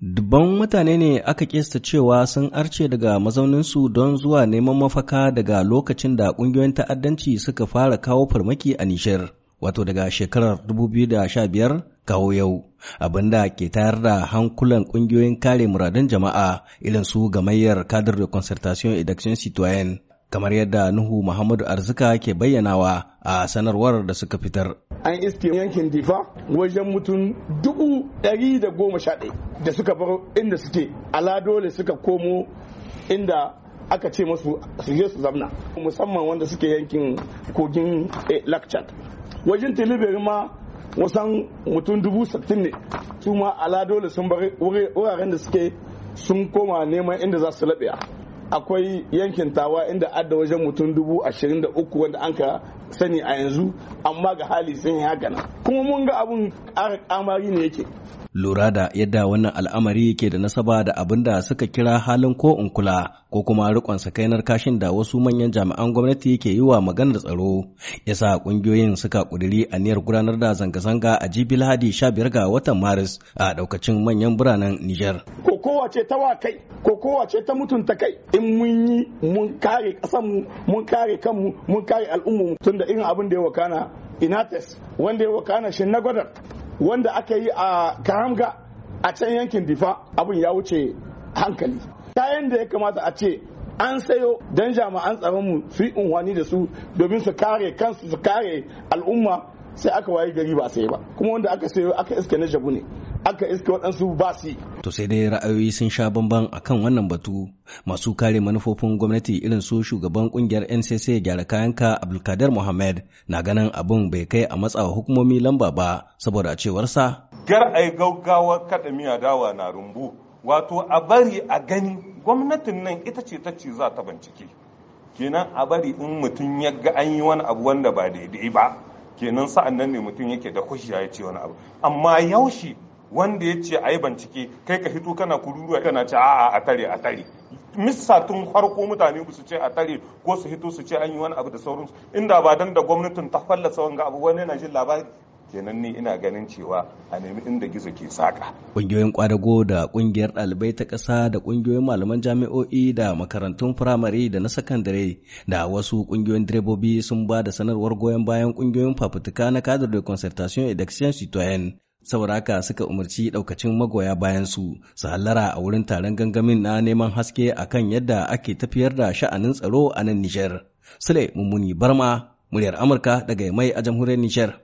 Dubban mutane ne aka kesta cewa sun arce daga mazauninsu don zuwa neman mafaka daga lokacin da ƙungiyoyin ta'addanci suka fara kawo farmaki a Nishar, wato daga shekarar 2015 kawo yau, abinda ke tayar da hankulan ƙungiyoyin kare muradun jama'a irin su gamayyar kadar da concertation et d'action kamar yadda Nuhu Muhammadu Arzika ke bayyanawa a sanarwar da suka fitar. an iske yankin difa wajen mutum dubu ɗari da goma sha ɗaya da suka bar inda suke ala dole suka komo inda aka ce masu su je su zamna musamman wanda suke yankin kogin eh, lakchat wajen tilibiri ma wasan mutum dubu sittin ne su ma ala dole sun bar wuraren da suke sun koma neman inda za su laɓe akwai yankin tawa inda adda wajen mutum dubu ashirin da uku wanda an ka sani a yanzu amma ga hali sun yi haka na kuma mun ga abun amari ne yake lura da yadda wannan al'amari ke da nasaba da abin da suka kira halin ko in kula ko kuma rikon sakainar kashin da wasu manyan jami'an gwamnati yake yi wa maganar tsaro yasa kungiyoyin suka kuduri aniyar gudanar da zanga-zanga a jibi lahadi 15 ga watan maris a daukacin manyan biranen niger ko kowace ta wa kai ko kowace ta mutunta kai in mun yi mun kare kasanmu mun kare kanmu mun kare al'ummu tun da irin abin da ya wakana inates wanda ya wakana shi na gwadar wanda aka yi a karamga a can yankin difa abin ya wuce hankali kayan da ya kamata a ce an sayo don jami'an tsaronmu su yi unhwani da su domin su kare kansu su kare al'umma sai aka waye gari ba sai ba kuma wanda aka sayo aka iske na jabu ne aka iske waɗansu ba su to sai dai ra'ayoyi sun sha bamban akan wannan batu masu kare manufofin gwamnati irin su shugaban kungiyar ncc gyara kayanka abdulkader mohammed na ganin abun bai kai a matsawa hukumomi lamba ba saboda cewar sa. gar ai gaggawa kaɗa miya dawa na rumbu wato a bari a gani gwamnatin nan ita ce ta ce za ta bincike kenan a bari in mutum ya ga an yi wani abu wanda ba daidai ba kenan sa'an nan ne mutum yake da kushi ya ce wani abu amma yaushe wanda ya ce a yi bincike kai ka hito kana kururuwa kana ce a'a a tare a tare missa tun farko mutane su ce a tare ko su hito su ce an yi wani abu da sauransu inda ba dan da gwamnatin ta fallasa wanga abu wani yana jin labari kenan ni ina ganin cewa a nemi inda gizo ke saka ƙungiyoyin kwadago da ƙungiyar ɗalibai ta ƙasa da ƙungiyoyin malaman jami'o'i da makarantun firamare da na sakandare da wasu ƙungiyoyin direbobi sun ba da sanarwar goyon bayan ƙungiyoyin fafutuka na kadar da concertation et d'action citoyen. saboda suka umarci ɗaukacin magoya bayan su su hallara a wurin taron gangamin na neman haske akan yadda ake tafiyar da sha'anin tsaro a nan Nijar. Sule Mummuni Barma, muryar Amurka daga mai a jamhuriyar Nijar.